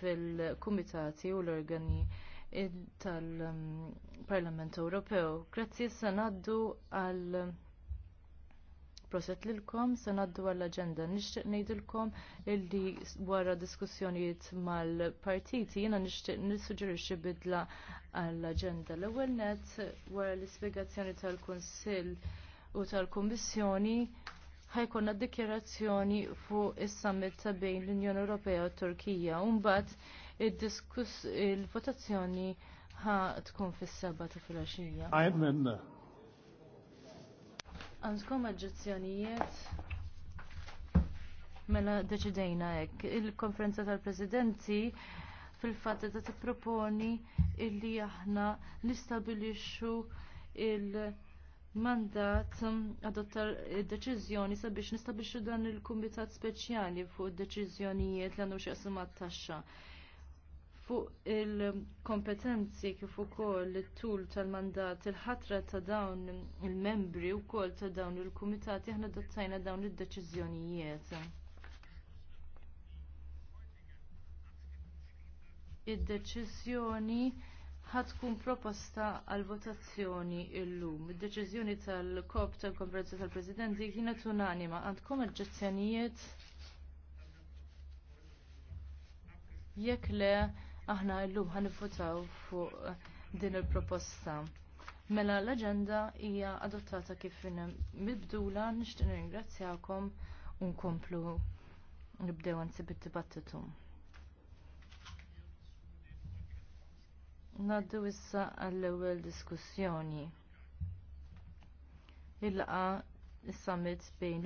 fil-kumitati u l-organi tal-Parlament Ewropew. Grazzi sanaddu għal proset lilkom, sanaddu għall aġenda Nixtieq ngħidilkom illi wara diskussjonijiet mal-partiti jiena nixtieq nissuġġerixxi bidla għall aġenda L-ewwel net wara l-ispjegazzjoni tal-Kunsill u tal-Kummissjoni ħajkonna dikjerazzjoni fuq is-summit ta' bejn l-Unjoni Ewropea u Turkija u mbagħad id-diskuss il-votazzjoni ħa tkun fis-seba ta' filgħaxija. Għajmenna. Għandkom aġġezzjonijiet Mela deċidejna hekk. Il-konferenza tal-Presidenti fil-fatt ta' tipproponi illi aħna nistabilixxu il-, -il mandat um, adotta eh, deċiżjoni sabiex nistabilxu dan il-kumitat speċjali fuq deċiżjonijiet li għandu xieqsim taxxa fuq il-kompetenzi kif ukoll it-tul tal-mandat il-ħatra ta' dawn il-membri wkoll ta' dawn il-kumitati aħna adottajna dawn id-deċiżjonijiet. Id-deċiżjoni ħatkun proposta għal votazzjoni illum. Id-deċiżjoni tal-kop tal-konferenza tal-Presidenti kienet unanima. Għandkom oġġezzjonijiet? Jekk le aħna illum ħanivvotaw fuq din il-proposta. Mela l-aġenda hija adottata kif mibdula nixtieq ringrazzjakom u nkomplu nibdew anzi bit-dibattitu. Naddu issa għall-ewwel diskussjoni. Il-laqa is-summit bejn